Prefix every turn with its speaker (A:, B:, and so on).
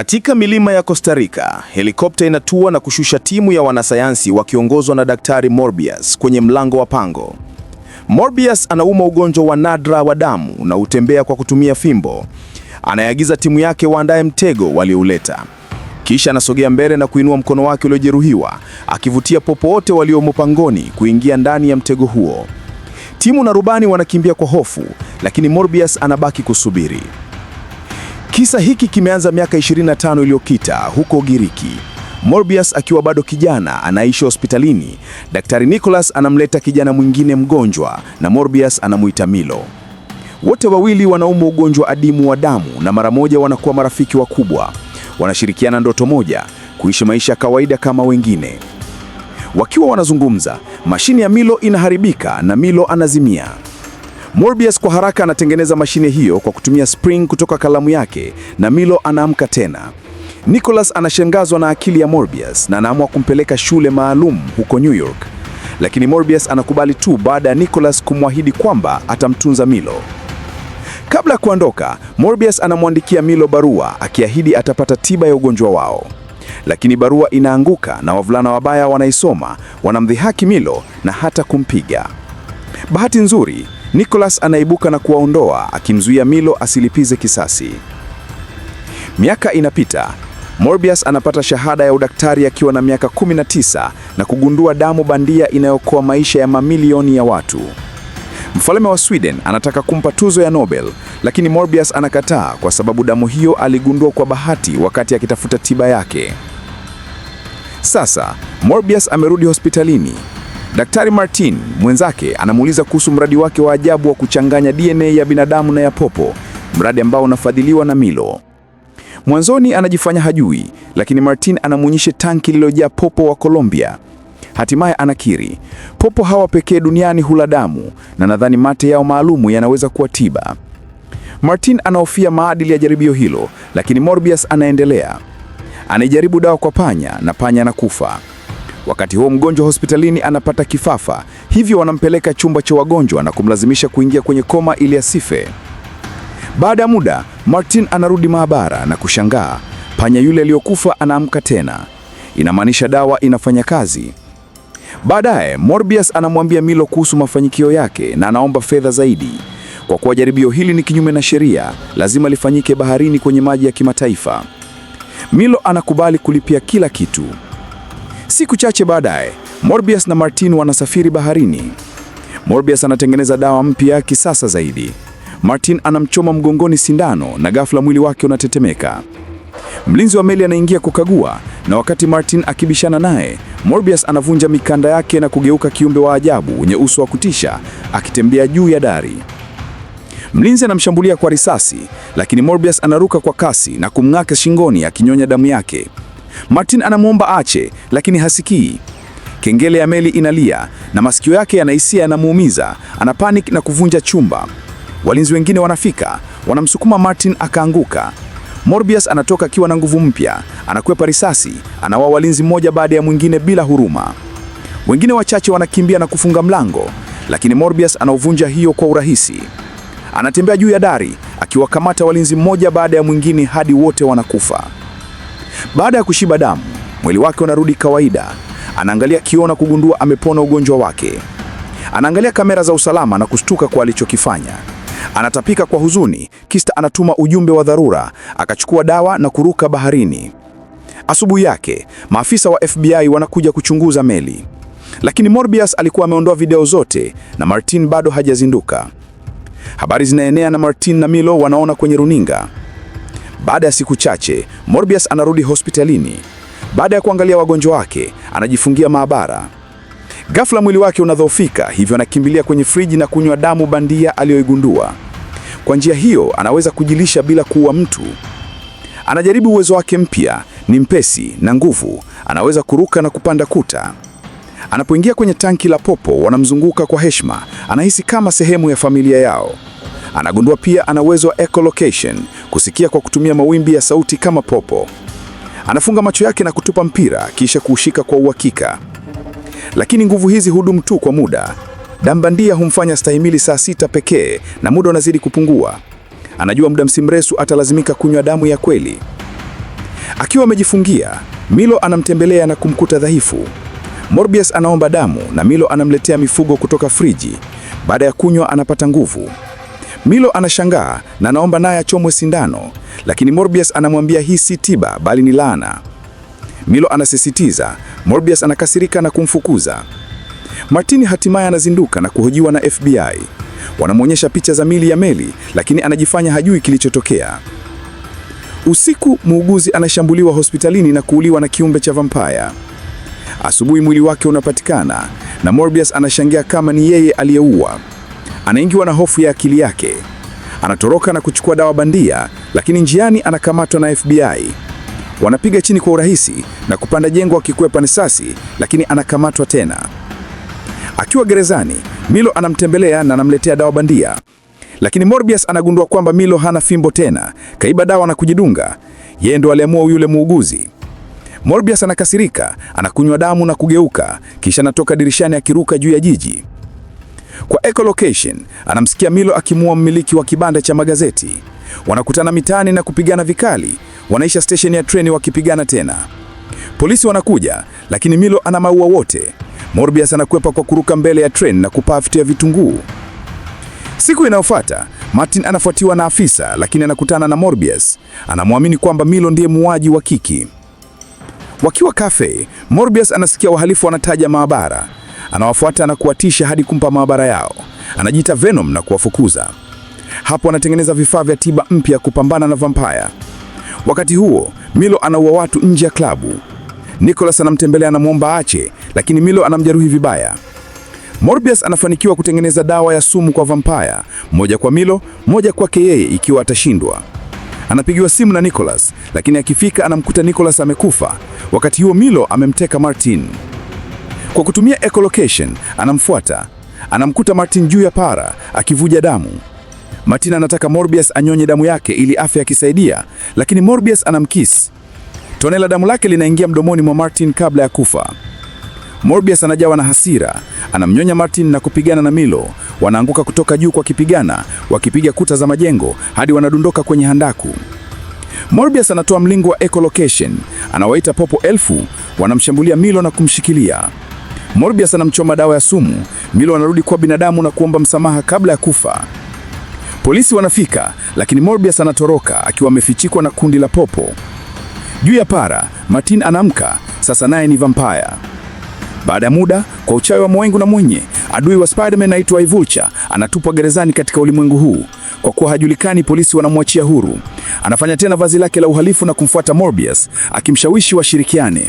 A: Katika milima ya Costa Rica, helikopta inatua na kushusha timu ya wanasayansi wakiongozwa na Daktari Morbius kwenye mlango wa pango. Morbius anauma ugonjwa wa nadra wa damu na hutembea kwa kutumia fimbo. anayeagiza timu yake waandae mtego waliouleta. Kisha anasogea mbele na kuinua mkono wake uliojeruhiwa, akivutia popo wote waliomo pangoni kuingia ndani ya mtego huo. Timu na rubani wanakimbia kwa hofu, lakini Morbius anabaki kusubiri. Kisa hiki kimeanza miaka 25 iliyopita huko Ugiriki. Morbius akiwa bado kijana anaishi hospitalini. Daktari Nicholas anamleta kijana mwingine mgonjwa na Morbius anamuita Milo. Wote wawili wanaumwa ugonjwa adimu wa damu na mara moja wanakuwa marafiki wakubwa. Wanashirikiana ndoto moja, kuishi maisha ya kawaida kama wengine. Wakiwa wanazungumza, mashine ya Milo inaharibika na Milo anazimia. Morbius kwa haraka anatengeneza mashine hiyo kwa kutumia spring kutoka kalamu yake na Milo anaamka tena. Nicholas anashangazwa na akili ya Morbius na anaamua kumpeleka shule maalum huko New York. Lakini Morbius anakubali tu baada ya Nicholas kumwahidi kwamba atamtunza Milo. Kabla ya kuondoka, Morbius anamwandikia Milo barua akiahidi atapata tiba ya ugonjwa wao. Lakini barua inaanguka na wavulana wabaya wanaisoma, wanamdhihaki Milo na hata kumpiga. Bahati nzuri, Nicholas anaibuka na kuwaondoa akimzuia Milo asilipize kisasi. Miaka inapita. Morbius anapata shahada ya udaktari akiwa na miaka 19 na kugundua damu bandia inayokoa maisha ya mamilioni ya watu. Mfalme wa Sweden anataka kumpa tuzo ya Nobel, lakini Morbius anakataa kwa sababu damu hiyo aligundua kwa bahati wakati akitafuta tiba yake. Sasa, Morbius amerudi hospitalini Daktari Martin mwenzake anamuuliza kuhusu mradi wake wa ajabu wa kuchanganya DNA ya binadamu na ya popo, mradi ambao unafadhiliwa na Milo. Mwanzoni anajifanya hajui, lakini Martin anamwonyesha tanki lililojaa popo wa Colombia. Hatimaye anakiri, popo hawa pekee duniani hula damu na nadhani mate yao maalumu yanaweza kuwa tiba. Martin anahofia maadili ya jaribio hilo, lakini Morbius anaendelea. Anajaribu dawa kwa panya na panya anakufa. Wakati huo mgonjwa hospitalini anapata kifafa, hivyo wanampeleka chumba cha wagonjwa na kumlazimisha kuingia kwenye koma ili asife. Baada ya muda, Martin anarudi maabara na kushangaa, panya yule aliyokufa anaamka tena. Inamaanisha dawa inafanya kazi. Baadaye Morbius anamwambia Milo kuhusu mafanikio yake na anaomba fedha zaidi. Kwa kuwa jaribio hili ni kinyume na sheria, lazima lifanyike baharini kwenye maji ya kimataifa. Milo anakubali kulipia kila kitu. Siku chache baadaye, Morbius na Martin wanasafiri baharini. Morbius anatengeneza dawa mpya kisasa zaidi. Martin anamchoma mgongoni sindano na ghafla mwili wake unatetemeka. Mlinzi wa meli anaingia kukagua, na wakati Martin akibishana naye, Morbius anavunja mikanda yake na kugeuka kiumbe wa ajabu wenye uso wa kutisha akitembea juu ya dari. Mlinzi anamshambulia kwa risasi, lakini Morbius anaruka kwa kasi na kumng'aka shingoni akinyonya damu yake. Martin anamwomba ache, lakini hasikii. Kengele ya meli inalia na masikio yake yanahisia yanamuumiza. Ana panic na kuvunja chumba. Walinzi wengine wanafika, wanamsukuma Martin akaanguka. Morbius anatoka akiwa na nguvu mpya, anakwepa risasi, anawa walinzi mmoja baada ya mwingine bila huruma. Wengine wachache wanakimbia na kufunga mlango, lakini Morbius anauvunja hiyo kwa urahisi. Anatembea juu ya dari akiwakamata walinzi mmoja baada ya mwingine hadi wote wanakufa. Baada ya kushiba damu, mwili wake unarudi kawaida. Anaangalia kioo na kugundua amepona ugonjwa wake. Anaangalia kamera za usalama na kushtuka kwa alichokifanya. Anatapika kwa huzuni, Kista anatuma ujumbe wa dharura, akachukua dawa na kuruka baharini. Asubuhi yake, maafisa wa FBI wanakuja kuchunguza meli. Lakini Morbius alikuwa ameondoa video zote na Martin bado hajazinduka. Habari zinaenea na Martin na Milo wanaona kwenye runinga. Baada ya siku chache, Morbius anarudi hospitalini. Baada ya kuangalia wagonjwa wake, anajifungia maabara. Ghafla mwili wake unadhoofika, hivyo anakimbilia kwenye friji na kunywa damu bandia aliyoigundua. Kwa njia hiyo, anaweza kujilisha bila kuua mtu. Anajaribu uwezo wake mpya, ni mpesi na nguvu, anaweza kuruka na kupanda kuta. Anapoingia kwenye tanki la popo, wanamzunguka kwa heshima, anahisi kama sehemu ya familia yao. Anagundua pia ana uwezo wa echolocation, kusikia kwa kutumia mawimbi ya sauti kama popo. Anafunga macho yake na kutupa mpira kisha kuushika kwa uhakika. Lakini nguvu hizi hudumu tu kwa muda. dambandia bandia humfanya stahimili saa sita pekee na muda unazidi kupungua. Anajua muda msimresu mrefu atalazimika kunywa damu ya kweli. Akiwa amejifungia, Milo anamtembelea na kumkuta dhaifu. Morbius anaomba damu na Milo anamletea mifugo kutoka friji. Baada ya kunywa anapata nguvu. Milo anashangaa na anaomba naye achomwe sindano, lakini Morbius anamwambia hii si tiba bali ni laana. Milo anasisitiza, Morbius anakasirika na kumfukuza. Martini hatimaye anazinduka na kuhojiwa na FBI. Wanamwonyesha picha za mili ya meli, lakini anajifanya hajui kilichotokea. Usiku muuguzi anashambuliwa hospitalini na kuuliwa na kiumbe cha vampaya. Asubuhi mwili wake unapatikana na Morbius anashangia kama ni yeye aliyeua anaingiwa na hofu ya akili yake. Anatoroka na kuchukua dawa bandia, lakini njiani anakamatwa na FBI. Wanapiga chini kwa urahisi na kupanda jengo akikwepa risasi, lakini anakamatwa tena. Akiwa gerezani, Milo anamtembelea na anamletea dawa bandia, lakini Morbius anagundua kwamba Milo hana fimbo tena, kaiba dawa na kujidunga. Yeye ndo aliamua yule muuguzi. Morbius anakasirika, anakunywa damu na kugeuka, kisha anatoka dirishani akiruka juu ya jiji. Kwa echolocation anamsikia Milo akimuua mmiliki wa kibanda cha magazeti. Wanakutana mitaani na kupigana vikali, wanaisha stesheni ya treni wakipigana tena. Polisi wanakuja, lakini Milo ana maua wote. Morbius anakwepa kwa kuruka mbele ya treni na fitia vitunguu. Siku inayofuata Martin anafuatiwa na afisa, lakini anakutana na Morbius. Anamwamini kwamba Milo ndiye muuaji wa Kiki. Wakiwa kafe, Morbius anasikia wahalifu wanataja maabara. Anawafuata na kuwatisha hadi kumpa maabara yao. Anajiita Venom na kuwafukuza. Hapo anatengeneza vifaa vya tiba mpya kupambana na vampaya. Wakati huo Milo anaua watu nje ya klabu. Nicholas anamtembelea, anamwomba ache, lakini Milo anamjeruhi vibaya. Morbius anafanikiwa kutengeneza dawa ya sumu kwa vampaya, moja kwa Milo, moja kwake yeye ikiwa atashindwa. Anapigiwa simu na Nicholas, lakini akifika anamkuta Nicholas amekufa. Wakati huo Milo amemteka Martin. Kwa kutumia echolocation, anamfuata, anamkuta Martin juu ya para akivuja damu. Martin anataka Morbius anyonye damu yake ili afya akisaidia, lakini Morbius anamkiss. Tone la damu lake linaingia mdomoni mwa Martin kabla ya kufa. Morbius anajawa na hasira, anamnyonya Martin na kupigana na Milo. Wanaanguka kutoka juu kwa kipigana, wakipiga kuta za majengo hadi wanadondoka kwenye handaku. Morbius anatoa mlingo wa echolocation, anawaita popo elfu, wanamshambulia Milo na kumshikilia. Morbius anamchoma dawa ya sumu, Milo anarudi kuwa binadamu na kuomba msamaha kabla ya kufa. Polisi wanafika, lakini Morbius anatoroka akiwa amefichikwa na kundi la popo. Juu ya para, Martin anaamka sasa, naye ni vampire. Baada ya muda, kwa uchawi wa mwengu na mwenye, adui wa Spider-Man aitwaye Ivulcha anatupwa gerezani katika ulimwengu huu. Kwa kuwa hajulikani, polisi wanamwachia huru. Anafanya tena vazi lake la uhalifu na kumfuata Morbius akimshawishi washirikiane.